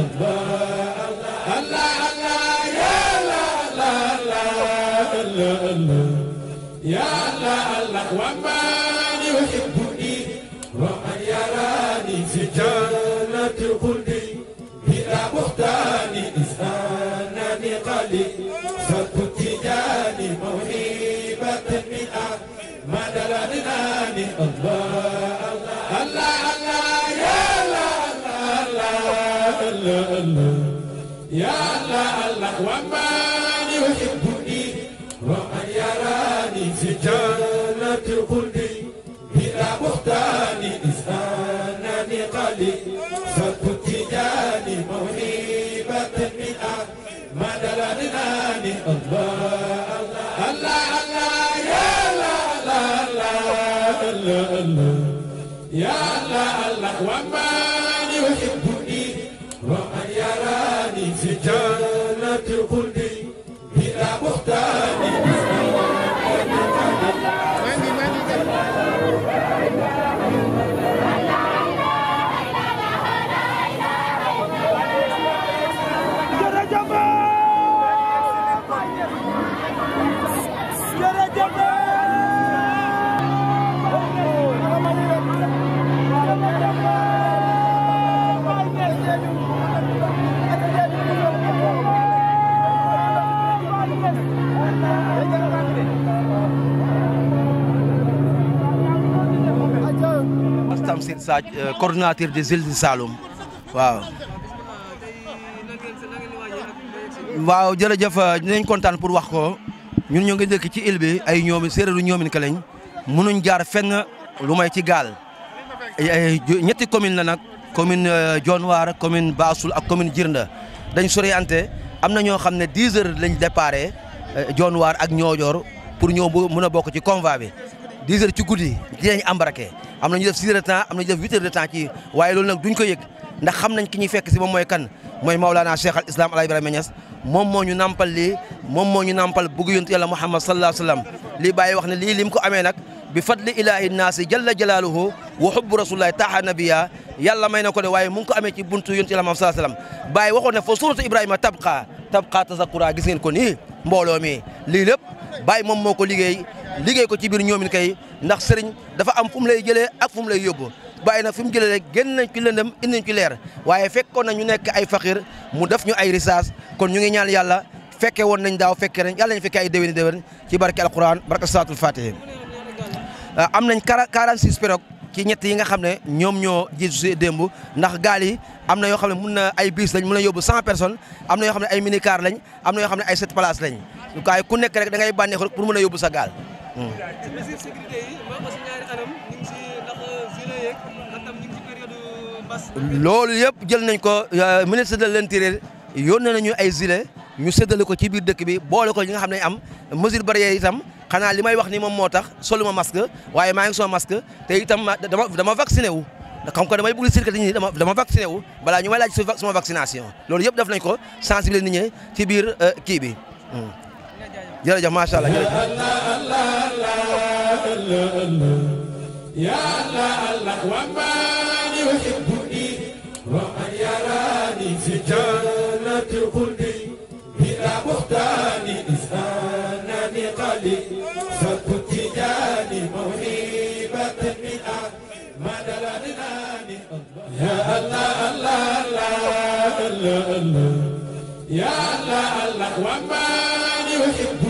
Allah الله الله يا الله الله ومن يحبني ومن يراني في جنة الخلد بلا بهتان إذ أنني قلي فكنت جاني موهبة من ما دلالناني الله الله الله الله يا الله الله الله الله يا الله الله ومن يحبني لي في جنة الخلد بلا بهتان إذ أنني قلي صدق التجان موهبة من ما دلالناني الله الله الله الله يا الله الله الله الله يا الله الله ومن يحبني ومن يراني في جنة الخلد بلا بهتان Sadj euh, coordonnateur des îles du Saloum waaw. waaw jërëjëf euh, dinañ kontaan pour wax ko ñun ñoo ngi dëkk ci île bi ay ñoomi séeréeru ñoomin ka lañ mënuñ jaar fenn lu may ci gaal ñetti commune la nag commune euh, waar commune baasul ak commune Djirnda dañ soriante am na ñoo xam ne 10 heures lañ jon waar ak Niodior pour ñoo mën a bokk ci convoi bi 10 heures ci guddi dinañ embarqué am na ñu def 6 heures am na ñu def 8 heures de temps ci waaye loolu nag duñ ko yëg ndax xam nañ ki ñuy fekk si moom mooy kan mooy Maulana Cheikh al Islam Alaaji Ibrahima moom moo ñu nampal lii moom moo ñu nampal bëgg yontu yàlla Muhammad sallallahu alayhi wa sallam li bàyyi wax ne lii lim ko amee nag bi fadli ilahi naasi jalla jalaaluhu wa hubbu rasulillahi taaha nabiya yàlla may na ko de waaye mu ngi ko amee ci buntu yontu yàlla Muhammad sallallahu alayhi wa sallam bàyyi waxoon ne fa suratu Ibrahima tabqa tabqa tasakura gis ngeen ko nii mbooloo mi lii lépp bàyyi moom moo ko liggéey liggéey ko ci biir ñoomin kay ndax sëriñ dafa am fu mu lay jëlee ak fu mu lay yóbbu bàyyi na fi mu jëlee génn nañ ci lëndëm indi nañ ci leer waaye fekkoon na ñu nekk ay faqiir mu def ñu ay risaas kon ñu ngi ñaan yàlla fekke woon nañ daaw fekke nañ yàlla nañ fekke ay déwéni déwén ci barke alquran barke salaatul fatihi euh, am nañ 46 pirogues ci ñett yi nga xam ne ñoom ñoo jiitu si démb ndax gaal yi am na yoo xam ne mun na ay biis lañ mun na yóbbu 100 personnes am na yoo xam ne ay mini car lañ am na ku nekk rek ngay bànneexu pour mën a yóbbu sa gaal mesure sécurité yi maa ngi si ñaari anam ñu ngi si ndax gilet loolu yëpp jël nañ ko euh, ministre de l'intérieur yónnee nañu ay gilet ñu séddale ko ci biir dëkk bi boole ko ñi nga xam ne am mesure barrière itam xanaa li may wax ni moom moo tax soluma masque waaye maa ngi soo masque te itam dama dama vacciné wu. xam ko damay bëgg circuler nit ñi dama dama vacciné balaa ñu may laaj sama vaccination loolu yëpp def nañ ko sensibiliser nit ñi ci biir euh, kii bi. Hmm. jërëjëf macha allah jërëjëf يا الله الله وما يحب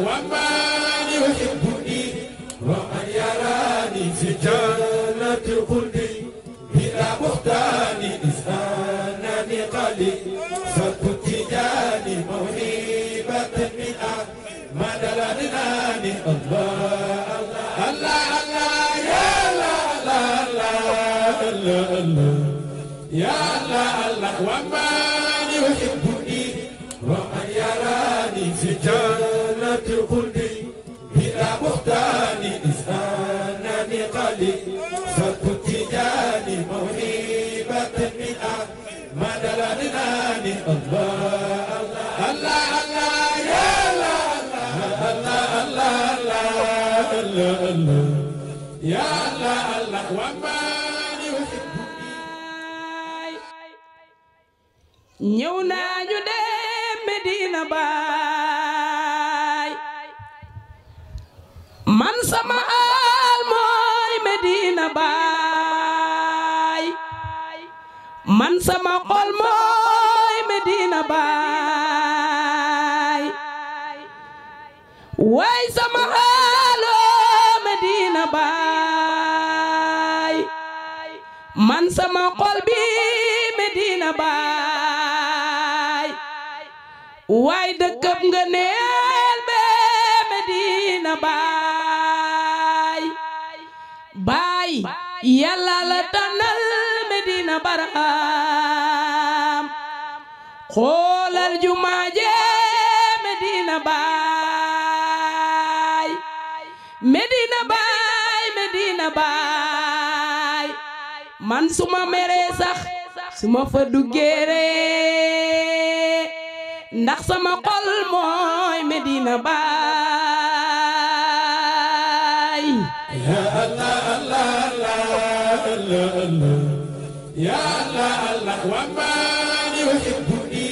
ومن يحبني ومن يراني في جنة الخلد بلا بهتان إذ أنني قلي صدق تجاني موهبة من ما دلناني الله الله الله الله يا الله الله الله الله يا الله الله ومن يحبني ñëw naa ñu dem Medina Baay man sama man sama xol mooy Medina Baay waay sama xaalo Medina Baay man sama xol bi Medina Baay waay dëkkëb nga neel be Medina Baay baay yàlla la tànnal Medina Baram xoolal jumaa je Medina Baay Medina Baay Medina Baay man suma meree sax suma fa duggee ree ndax sama xol mooy Medina Baay. Allah Allah Allah Allah يا الله الله ومن يحبني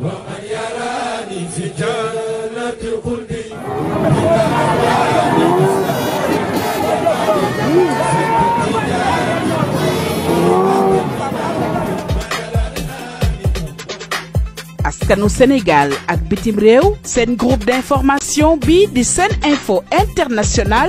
ومن يراني في جنة الخلد askanu Sénégal ak bitim réew seen groupe d'information bi di seen info international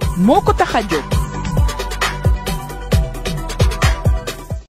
moo ko tax a jóg